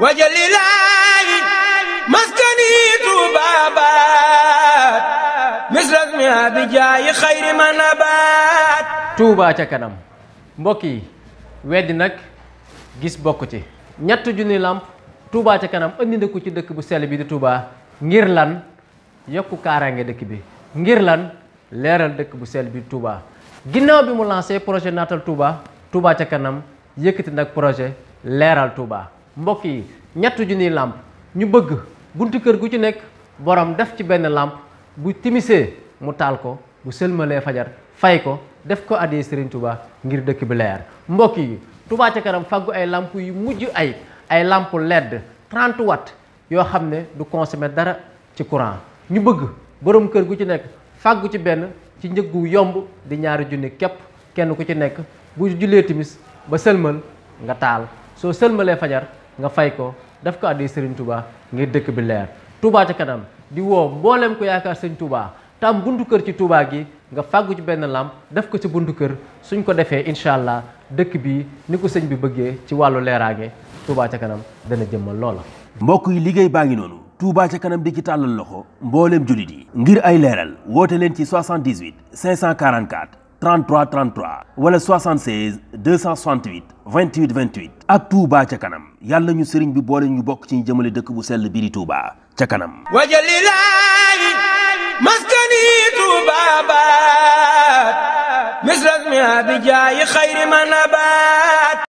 wajalilaayi maskani tuubaabaat misras mi abijaayi xayri ma nabaat tuubaa ca kanam mbokk yi weddi nag gis bokk ci ñett junni làmp tuubaa ca kanam andi na ci dëkk bu sell bi di tuubaa ngir lan yokku kaaraange dëkk bi ngir lan leeral dëkk bu sell bi di tuubaa ginnaaw bi mu lancé projet naatal tuubaa tuubaa ca kanam yëkkati nag projet leeral tuubaa mbokk yi ñett junniy làmp ñu bëgg buntu kër gu ci nekk borom def ci benn làmp bu timisee mu taal ko bu sëlmalee fajar fay ko def ko addee Serigne Touba ngir dëkk bi leer mbokk yi Touba ci karam faggu ay làmp yu mujj ay ay làmp LED 30 watt yoo xam ne du consommer dara ci courant ñu bëgg borom kër gu ci nekk faggu ci benn ci njëg yomb di ñaari junni képp kenn ku ci nekk bu jullee timis ba sëlmal nga taal soo sëlmalee fajar nga fay ko daf ko addi Serigne Touba ngir dëkk bi leer Touba ca kanam di woo mboolem ko yaakaar sëñ Touba te buntu kër ci Touba gi nga fàggu ci benn làmp def ko ci buntu kër suñ ko defee incha allah dëkk bi ni ko sëñ bi bëggee ci wàllu leeraange Touba ca kanam dana jëmmal loola. mbokk yi liggéey baa ngi noonu. tuubaa ca kanam di ci tàllal loxo mbooleem jullit yi. ngir ay leeral woote leen ci 78 544. 33 33 wala 76 268 28 28 ak Touba ca kanam yàlla ñu sëriñ bi boole ñu bokk ci ñu jëmale dëkk bu sell biir Touba ca kanam. wajalilaayi maskani Touba baat misras mi abijaayi xayri ma